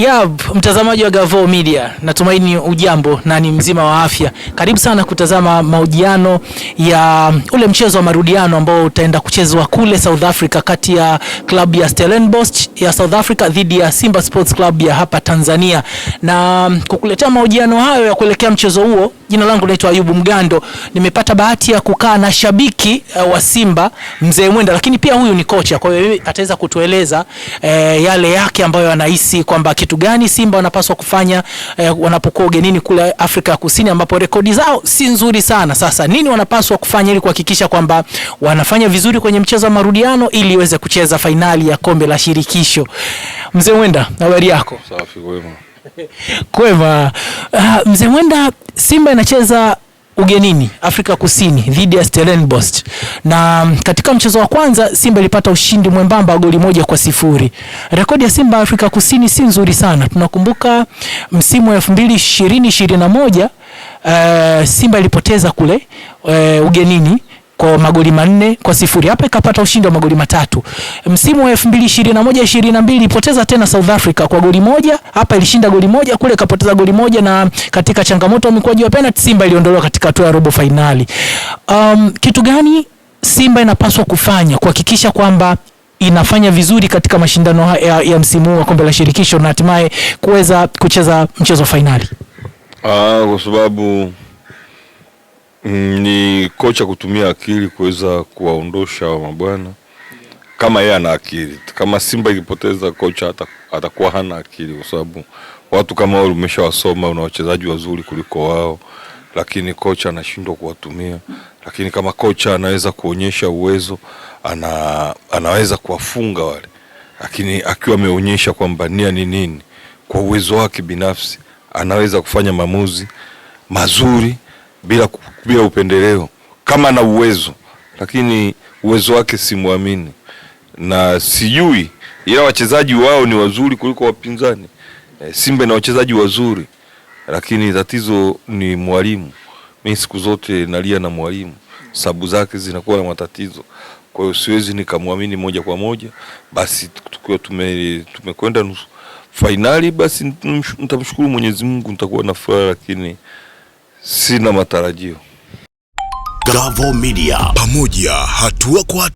Ya, mtazamaji wa Gavoo Media, natumaini ujambo na ni mzima wa afya. Karibu sana kutazama mahojiano ya ule mchezo wa marudiano ambao utaenda kuchezwa kule South Africa kati ya klabu ya Stellenbosch ya South Africa dhidi ya Simba Sports Club ya hapa Tanzania, na kukuletea mahojiano hayo ya kuelekea mchezo huo Jina langu naitwa Ayubu Mgando. Nimepata bahati ya kukaa na shabiki uh, wa Simba Mzee Mwenda, lakini pia huyu ni kocha, kwa hiyo ataweza kutueleza eh, yale yake ambayo anahisi kwamba kitu gani Simba wanapaswa kufanya eh, wanapokuwa ugenini kule Afrika ya Kusini ambapo rekodi zao si nzuri sana. Sasa nini wanapaswa kufanya ili kuhakikisha kwamba wanafanya vizuri kwenye mchezo wa marudiano ili iweze kucheza fainali ya kombe la shirikisho. Mzee Mwenda, habari yako? Safi, wema. Kweva. Uh, mzee Mwenda, Simba inacheza ugenini Afrika Kusini dhidi ya Stellenbosch, na um, katika mchezo wa kwanza Simba ilipata ushindi mwembamba wa goli moja kwa sifuri. Rekodi ya Simba Afrika Kusini si nzuri sana. Tunakumbuka msimu wa elfu mbili ishirini ishirini na moja uh, Simba ilipoteza kule uh, ugenini kwa magoli manne kwa sifuri. Hapa ikapata ushindi wa magoli matatu. Msimu wa 2021 22 ipoteza tena South Africa kwa goli moja. Hapa ilishinda goli moja, kule ikapoteza goli moja, na katika changamoto ya mikwaju ya penalty Simba iliondolewa katika hatua ya robo finali. Um, kitu gani Simba inapaswa kufanya kuhakikisha kwamba inafanya vizuri katika mashindano ya, ya msimu wa kombe la shirikisho na hatimaye kuweza kucheza mchezo fainali? Ah, kwa sababu Mm, ni kocha kutumia akili kuweza kuwaondosha wa mabwana kama yeye ana akili. Kama Simba ikipoteza kocha atakuwa hana akili, kwa sababu watu kama wao umeshawasoma, una wachezaji wazuri kuliko wao, lakini kocha anashindwa kuwatumia. Lakini kama kocha anaweza kuonyesha uwezo ana, anaweza kuwafunga wale, lakini akiwa ameonyesha kwamba nia ni nini, kwa uwezo wake binafsi anaweza kufanya maamuzi mazuri bila, bila upendeleo kama na uwezo, lakini uwezo wake simwamini na sijui, ila wachezaji wao ni wazuri kuliko wapinzani. E, Simba na wachezaji wazuri, lakini tatizo ni mwalimu. Mimi siku zote nalia na mwalimu, sababu zake zinakuwa na matatizo kwa hiyo siwezi nikamwamini moja kwa moja. Basi tukiwa tume tumekwenda nusu fainali, basi nitamshukuru Mwenyezi Mungu, nitakuwa na furaha, lakini sina matarajio. Gavoo Media, pamoja hatua kwa